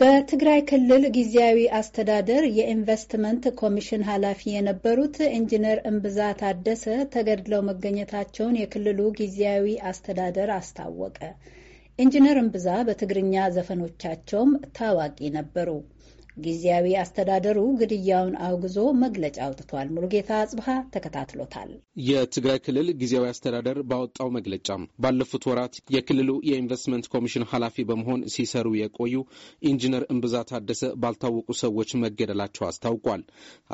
በትግራይ ክልል ጊዜያዊ አስተዳደር የኢንቨስትመንት ኮሚሽን ኃላፊ የነበሩት ኢንጂነር እምብዛ ታደሰ ተገድለው መገኘታቸውን የክልሉ ጊዜያዊ አስተዳደር አስታወቀ። ኢንጂነር እምብዛ በትግርኛ ዘፈኖቻቸውም ታዋቂ ነበሩ። ጊዜያዊ አስተዳደሩ ግድያውን አውግዞ መግለጫ አውጥቷል። ሙሉጌታ አጽብሃ ተከታትሎታል። የትግራይ ክልል ጊዜያዊ አስተዳደር ባወጣው መግለጫ ባለፉት ወራት የክልሉ የኢንቨስትመንት ኮሚሽን ኃላፊ በመሆን ሲሰሩ የቆዩ ኢንጂነር እምብዛ ታደሰ ባልታወቁ ሰዎች መገደላቸው አስታውቋል።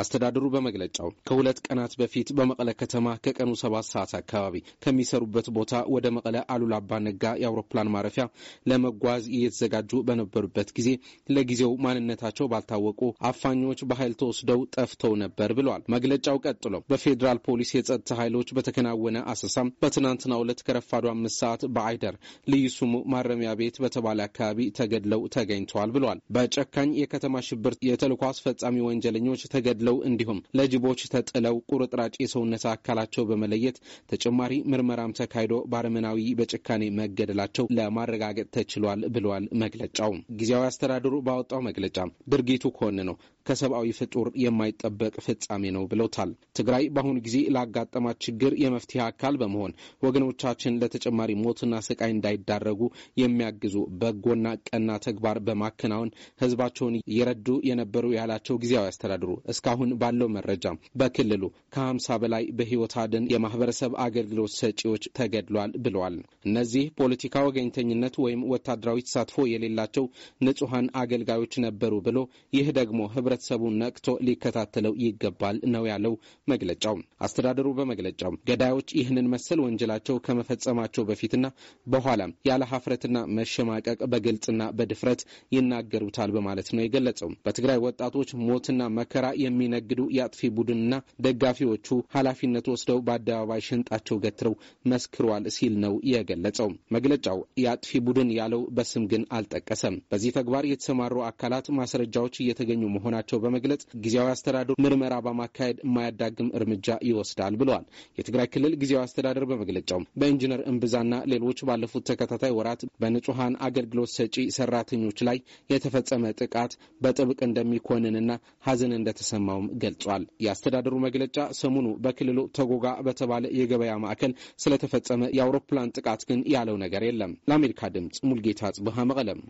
አስተዳደሩ በመግለጫው ከሁለት ቀናት በፊት በመቀለ ከተማ ከቀኑ ሰባት ሰዓት አካባቢ ከሚሰሩበት ቦታ ወደ መቀለ አሉላ አባ ነጋ የአውሮፕላን ማረፊያ ለመጓዝ እየተዘጋጁ በነበሩበት ጊዜ ለጊዜው ማንነታቸው ባልታወቁ አፋኞች በኃይል ተወስደው ጠፍተው ነበር ብሏል። መግለጫው ቀጥሎ በፌዴራል ፖሊስ የጸጥታ ኃይሎች በተከናወነ አሰሳም በትናንትናው ዕለት ከረፋዱ አምስት ሰዓት በአይደር ልዩ ስሙ ማረሚያ ቤት በተባለ አካባቢ ተገድለው ተገኝተዋል ብሏል። በጨካኝ የከተማ ሽብር የተልኮ አስፈጻሚ ወንጀለኞች ተገድለው እንዲሁም ለጅቦች ተጥለው ቁርጥራጭ የሰውነት አካላቸው በመለየት ተጨማሪ ምርመራም ተካሂዶ ባረመናዊ በጭካኔ መገደላቸው ለማረጋገጥ ተችሏል ብሏል። መግለጫው ጊዜያዊ አስተዳደሩ ባወጣው መግለጫ ድርጊቱ ከሆነ ነው ከሰብአዊ ፍጡር የማይጠበቅ ፍጻሜ ነው ብለውታል። ትግራይ በአሁኑ ጊዜ ላጋጠማት ችግር የመፍትሄ አካል በመሆን ወገኖቻችን ለተጨማሪ ሞትና ስቃይ እንዳይዳረጉ የሚያግዙ በጎና ቀና ተግባር በማከናወን ህዝባቸውን እየረዱ የነበሩ ያላቸው ጊዜያዊ አስተዳድሩ እስካሁን ባለው መረጃ በክልሉ ከሀምሳ በላይ በህይወት አድን የማህበረሰብ አገልግሎት ሰጪዎች ተገድሏል ብለዋል። እነዚህ ፖለቲካ ወገኝተኝነት ወይም ወታደራዊ ተሳትፎ የሌላቸው ንጹሐን አገልጋዮች ነበሩ ብሎ ይህ ደግሞ ህብረ ህብረተሰቡ ነቅቶ ሊከታተለው ይገባል ነው ያለው መግለጫው። አስተዳደሩ በመግለጫው ገዳዮች ይህንን መሰል ወንጀላቸው ከመፈጸማቸው በፊትና በኋላም ያለ ሀፍረትና መሸማቀቅ በግልጽና በድፍረት ይናገሩታል በማለት ነው የገለጸው። በትግራይ ወጣቶች ሞትና መከራ የሚነግዱ የአጥፊ ቡድንና ደጋፊዎቹ ኃላፊነት ወስደው በአደባባይ ሽንጣቸው ገትረው መስክሯል ሲል ነው የገለጸው። መግለጫው የአጥፊ ቡድን ያለው በስም ግን አልጠቀሰም። በዚህ ተግባር የተሰማሩ አካላት ማስረጃዎች እየተገኙ መሆናቸው መሆናቸው በመግለጽ ጊዜያዊ አስተዳደሩ ምርመራ በማካሄድ የማያዳግም እርምጃ ይወስዳል ብለዋል። የትግራይ ክልል ጊዜያዊ አስተዳደር በመግለጫው በኢንጂነር እምብዛና ሌሎች ባለፉት ተከታታይ ወራት በንጹሐን አገልግሎት ሰጪ ሰራተኞች ላይ የተፈጸመ ጥቃት በጥብቅ እንደሚኮንንና ሀዘን እንደተሰማውም ገልጿል። የአስተዳደሩ መግለጫ ሰሞኑ በክልሉ ተጎጋ በተባለ የገበያ ማዕከል ስለተፈጸመ የአውሮፕላን ጥቃት ግን ያለው ነገር የለም። ለአሜሪካ ድምጽ ሙልጌታ ጽብሃ መቀለም